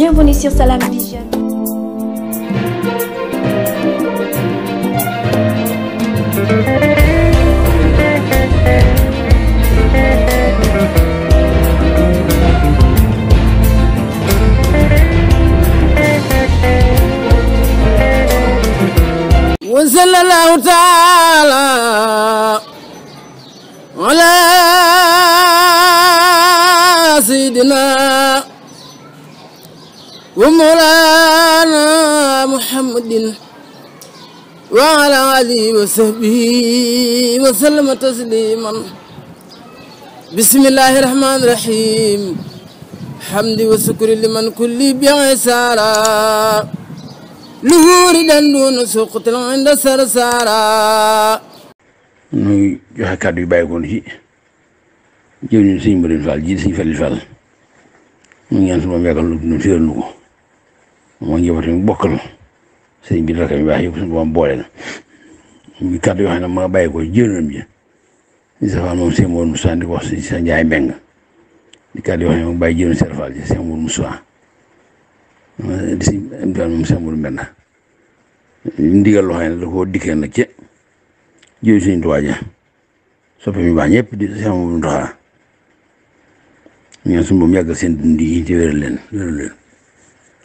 Bienvenue sur Salam Vision. وصلى الله تعالى على سيدنا ومولانا محمد وعلى آله وصحبه وسلم تسليما بسم الله الرحمن الرحيم حمد وشكر لمن كل بعسارا لهور دون سقط عند سرسارا nuy joxe kàddu yu bàyyikoon ci jëw ñu sëñ Mbërin Fall ji sëñ Falil Fall mu ñaan su ma yàggal lu nu féral nu ko mooy njabootu mu bokkal sëriñ bi rakam yu baax yi suñu borom boole na muy yoo xam maa bàyyi ko jëloon ji di sa faal moom sëñ Mourou Moussa di ko si njaay mbeng di yoo xam ne moom bàyyi jëloon seen si sëñ Mourou Moussa di si am moom sëñ Mourou Mbenda ndigal loo xam ne da koo dikkee nag ca jëw suñu ja soppi mi baax ñëpp di sëñ Mourou Moussa ñoom suñu moom yàggal seen dund yi te wéral leen wéral leen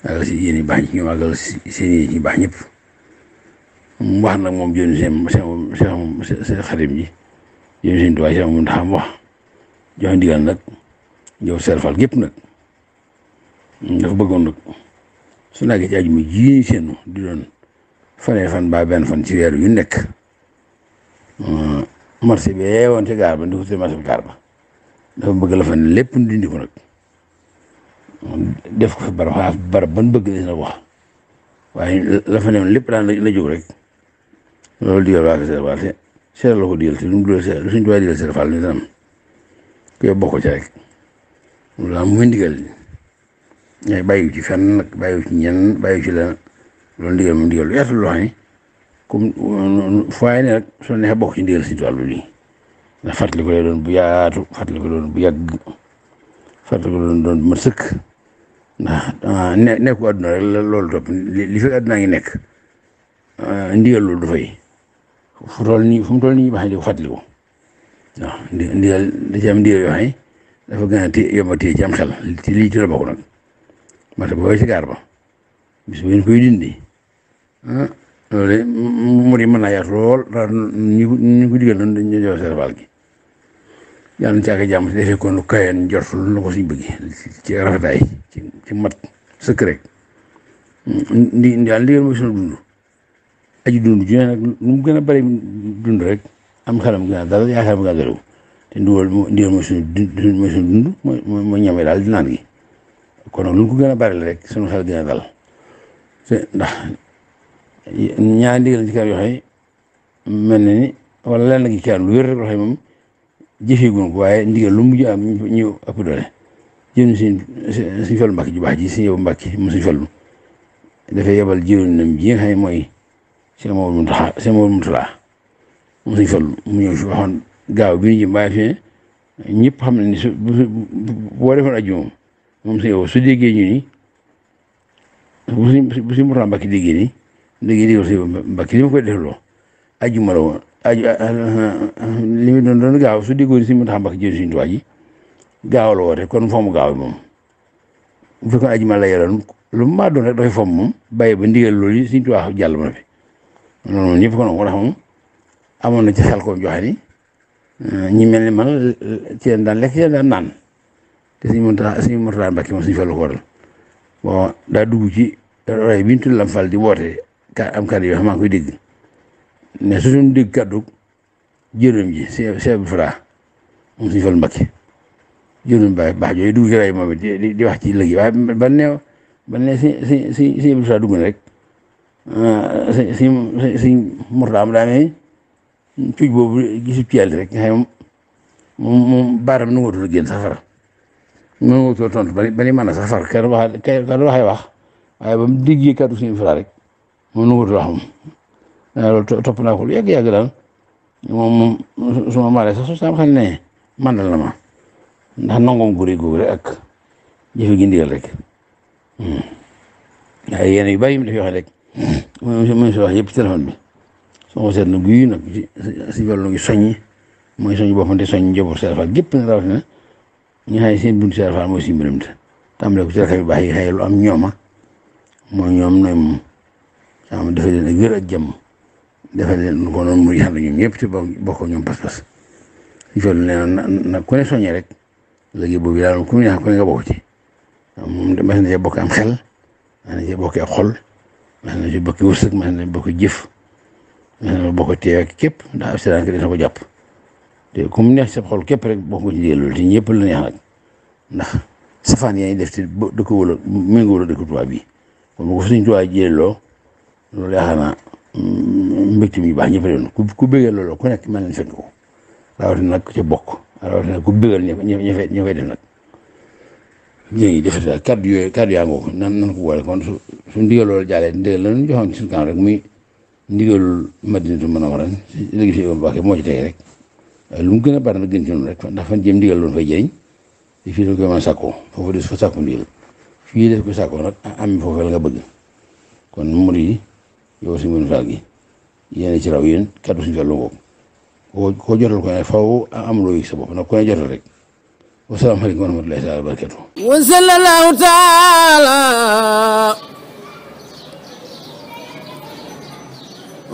àggal si yéen i baax ñi ñoom àggal si seen i baax ñëpp mu wax nag moom jënd seen seen seen xarim ji jënd seen tuwaay seen moom ndax mu wax joxe ndigal nag ñëw serfal gépp nag dafa bëggoon nag su naagee ci àjjuma ji ñu seenu di doon fanee fan ba fan ci weer yu nekk marché wan yeewoon ci gaar ba ndi ko marché gaar ba dafa bëgg la fan lépp dindi ko nag def ko fa barab xaaf barab ban bëgg dina wax waaye la fa newoon lépp daan la jóg rek loolu digal waa Kër Fall te seetal la ko digal te lu mu digal seetal lu suñu tubaab digal seetal Fall ñu dana am kuy bokk ci rek loolu daal mooy ndigal ñooy bàyyiwu ci fenn nag bàyyiwu ci ñen bàyyiwu ci lenn loolu ndigal moom ndigal lu yaatu loo xam ne comme euh, foo ne rek soo neexee bokk ci ndigal suñu tubaab bi lii ndax fàttali ko lay doon bu yaatu fàttali ko doon bu yàgg fàttali ko doon doon bu mat ndax ah, ne nekku àdduna rek loolu topp li ngi nekk ah, ndigal loolu du fay fu toll nii fu mu toll nii ba xam ndigal da ci ndigal yoo xam ne dafa gën a téye yomb a téye ci am xel lii ci la bokk nag mata booy si gaar ba bis koy dindi ah, loolu mu di mën naa yaatu lool ñu ñu ko digal noonu dañuy joxe seen wàll gi yàlla na ci ak jàmm si defee ko nu kayan jot lu na ko suñ bëgg ci rafetaay ci ci mat sëkk rek ndi ndigal mooy sunu dund aji dund ju ne nag nu mu gën a bari dund rek am xelam gën a dara yaakaar mu gën a dara te ndigal ndigal mooy sunu dund mooy sunu dund mooy mooy ñame daal di naan gi kon nag lu ko gën a bari rek sunu xel gën a dal ndax ñaari ndigal ci kër yoo xam ne mel na ni wala lenn gi kër lu wér rek loo xam ne moom jëfeeguñ ko waaye ndigal lu mujj am ñu ëpp doole jënd suñ suñ Fallu Mbàkke ju baax ji suñ yow Mbàkke mu suñ Fallu dafay yebal jëwriñam ji nga xam ne mooy Sëñ Maodo Muntaxa Sëñ Maodo Muntaxa mu suñ Fallu mu ñëw si waxoon gaaw bi ñu fi ne ñëpp xam ne ni su boo defoon aju moom moom suñ yow su déggee ñu ni bu suñ bu suñ Muntaxa Mbàkke déggee ni déggee déggoo aju ma aj eh, eh, eh, li doon doon gaaw su déggoo si mu tax mbak jël suñu tuwaay gaaw la woote kon foomu gaaw bi moom bu fekkoon aji ma la yoroon lu mu maa doon rek dafay fomm moom bàyyi ba ndigal loolu yi suñu tuwaay jàll ma fi noonu moom tax moom amoon na ci xel ko mel ni man ci leen daan lekk ci leen daan naan te suñu moom suñu fàllu ko waral bon daa dugg ci rajo bi ñu tudd Lamp Fall di woote ka am kàddu yoo xam koy dégg. ne su suñu digg kàddu jërëm ji Cheikh Cheikh Fra mu suñu fal Mbakke jërëm baax baax jooju dugg ci rajo moom di wax ci léegi waaye ban ne ban si si si Cheikh Fra dugg rek ah, si si si Mourtada daa ne cuuj boobu gisu ci yàlla rek moom moom baaram nu nga génn safara nu tontu ba ni mën a safar kenn wax kenn wax waaye ba mu digg kàddu suñu Fra rek moom nu nga wax moom. Eh, loolu topp naa ko lu yàgg yàgg daal moom moom su ma maaree sax su sam xam ne mandal na ma ndax nangoom guri googu rek ak jëfe gi ndigal rek waaye hmm. yéen yu bari yi mu def yoo xam rek moom si wax yëpp ci téléphone bi soo ko seetlu guy nag si wàllu ngi soññi mooy soññi boppam di soññi njaboot Sëriñ Faal gépp na rawatina ñu xam ne seen buntu Sëriñ Faal mooy si mbiram te tàmbale ko ci rakk yu baax yi xëy lu am ñooma mooy ñoom nooy moom xam dafa leen ak wér ak jàmm defal leen ko noonu muy yàlla ñoom ñëpp ci bokkoo ñoom pas-pas ñu toll na ku ne soññee rek léegi boobu daal ku ne ku ne nga bokk ci moom mas na bokk am xel mas na cee bokk ak xol mas na cee bokk wërsëg mas na bokk bokk tee képp ndax accident jàpp te ku mu neex sa xol képp rek bokk ci jëlul te ñëpp la neex nag ndax safaan yaa def te dëkk wala méngóo la dëkk tubaab bi kon bu ko suñu tubaab jëloo loolu yaakaar naa mbégte bi baax ñëpp doon ku ku bëggal loolu ku nekk mel na fekk ko rawatina nag ku ca bokk rawatina ku bëggal ñëpp ñëpp ñëpp def nag. ñu ngi def daal kàddu yooyu nan nan ko boole su su ndigal loolu la ñu joxoon ci rek muy ndigalul Madinatu Munawwara si léegi si yoon moo ci rek lu gën a bari nag gën ci noonu rek ndax fan jëm ndigal loolu fay jëriñ fii dañ koy mën a sàkkoo foofu des fa sàkku ndigal fii des ko sàkkoo nag am foofu la nga bëgg kon murid yi yow suñu mën faal gi yéen ci raw yéen kaddu suñu fàllu boobu koo koo jotal ko ne faw am loo yëg sa bopp nag ku ne jotal rek wasalaamaaleykum wa rahmatulahi taala wa barakatu wa sallallahu taala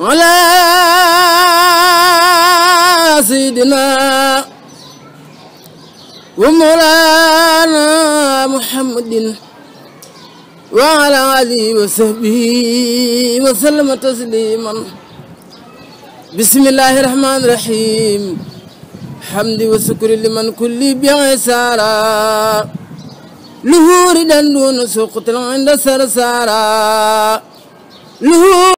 ala sayidina wa mawlana muhammadin وعلى آله وصحبه وسلم تسليما بسم الله الرحمن الرحيم حمد وشكر لمن كل بعسارا لهور دون سقط عند سرسارا